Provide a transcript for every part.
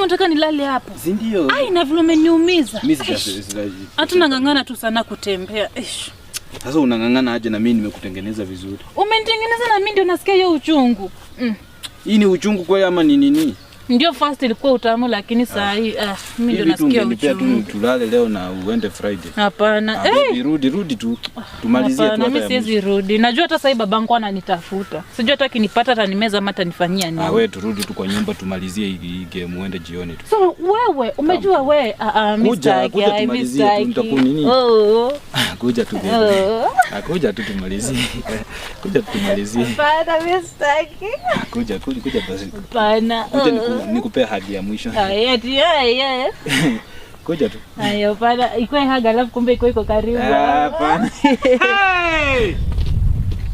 nataka nilale hapo? ndio? Ai, na vile umeniumiza. Hata nang'ang'ana tu sana kutembea. Eish. Sasa unang'ang'ana aje na mimi nimekutengeneza vizuri? Umenitengeneza na mimi ndio nasikia hiyo uchungu. Mm. Hii ni uchungu kwa ama ni nini? ndio fast ilikuwa utamu, lakini ah. saa hii ah, mimi ndio nasikia uchungu. Tulale leo na uende Friday. Hapana. Ah, eh, Hey. Rudi rudi tu tumalizie tu. Mimi siwezi rudi, najua hata sasa babangu ananitafuta, sijui hata kinipata atanimeza ama atanifanyia nini. Ah, wewe turudi tu kwa nyumba tumalizie hii game, uende jioni tu. So wewe umejua wewe ah, ah, mimi sitaki, mimi nini? Oh. Ah, kuja tu bebe. Oh. Kuja tu tumalizie. Kuja tu tumalizie. Hapana, mimi sitaki. Kuja kuja kuja basi. Hapana. Kuja oh nikupea hadi ya mwisho. Ah, Kuja tu. Haya pana iko haga alafu kumbe iko iko karibu. Ah, hapana. Hey!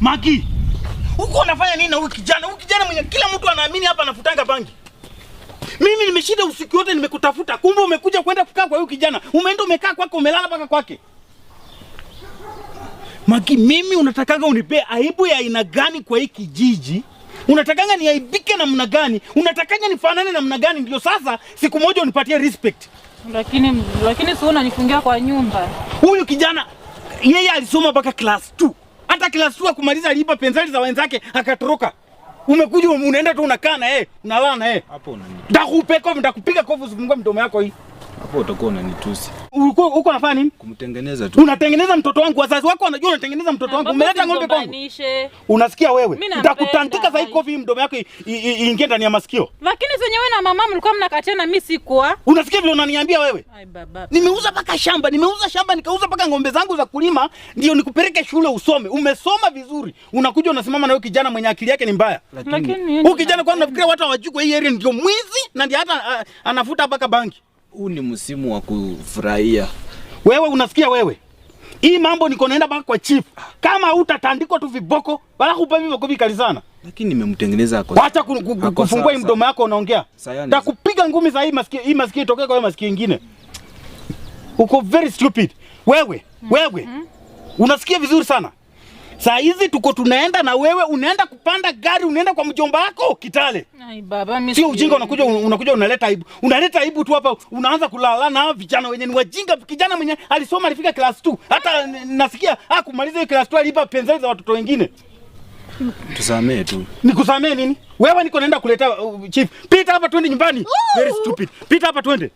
Maki. Uko unafanya nini na huyu kijana? Huyu kijana mwenye kila mtu anaamini hapa anafutanga bangi. Mimi nimeshinda usiku wote nimekutafuta. Kumbe umekuja kwenda kukaa kwa huyu kijana. Umeenda umekaa kwake umelala mpaka kwake. Maki, mimi unatakanga unipee aibu ya aina gani kwa hii kijiji? Unatakanga niaibike namna gani? Unatakanga nifanane namna gani? Ndio sasa siku moja unipatie respect. Lakini lakini si unanifungia kwa nyumba. Huyu kijana yeye alisoma mpaka class 2. Hata class 2 akumaliza aliiba penzali za wenzake akatoroka. Umekuja unaenda tu unakaa na yeye, unalala na yeye. Hapo unanipa. Ndakupeka, ndakupiga kofu zunguka mdomo yako hii. Hapo utakuwa unanitusi. Ulikuwa uko unafanya nini? Kumtengeneza tu. Unatengeneza mtoto wangu, wazazi wako wanajua unatengeneza mtoto wangu. Ah, umeleta ng'ombe kwangu. Unasikia wewe? Nitakutandika sasa hivi hivi mdomo yako iingie ndani ya masikio. Lakini zenye wewe na mama mlikuwa mnakachana mimi sikuwa. Unasikia vile unaniambia wewe? Ai baba. Nimeuza paka shamba, nimeuza shamba nikauza paka ng'ombe zangu za kulima ndio nikupeleke shule usome. Umesoma vizuri. Unakuja unasimama na wewe kijana mwenye akili yake ni mbaya. Lakini huyu kijana kwani nafikiria watu hawajui kwa hii area ndio mwizi na ndio hata anafuta paka banki. Huu ni msimu wa kufurahia. Wewe unafikia wewe. Hii mambo niko naenda baka kwa chief. Kama utatandikwa tu viboko, wala kupa viboko vikali sana. Lakini nimemtengeneza kwa. Acha kufungua hii mdomo yako unaongea. Takupiga ngumi za hii masikio, hii masikio itokee kwa masikio nyingine. Uko very stupid. Wewe, wewe. Mm Unasikia vizuri sana. Saa hizi tuko tunaenda na wewe, unaenda kupanda gari, unaenda kwa mjomba wako Kitale. Ai baba, mimi sio ujinga. Unakuja unakuja unaleta aibu, unaleta aibu tu hapa, unaanza kulala na vijana wenye ni wajinga. Kijana mwenye alisoma alifika class 2 hata nasikia ah, kumaliza hiyo class 2 alipa penzi za watoto wengine. Tusamee tu. Nikusamee nini? Wewe niko naenda kuleta uh, chief. Pita hapa twende nyumbani. Very stupid. Pita hapa twende.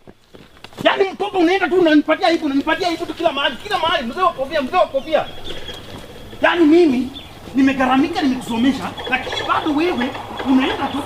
Yaani mkopo unaenda tu unanipatia aibu, unanipatia aibu tu kila mahali, kila mahali. Mzee wa kofia, mzee wa kofia. Yaani mimi nimegharamika, nimekusomesha, lakini bado wewe unaenda tu.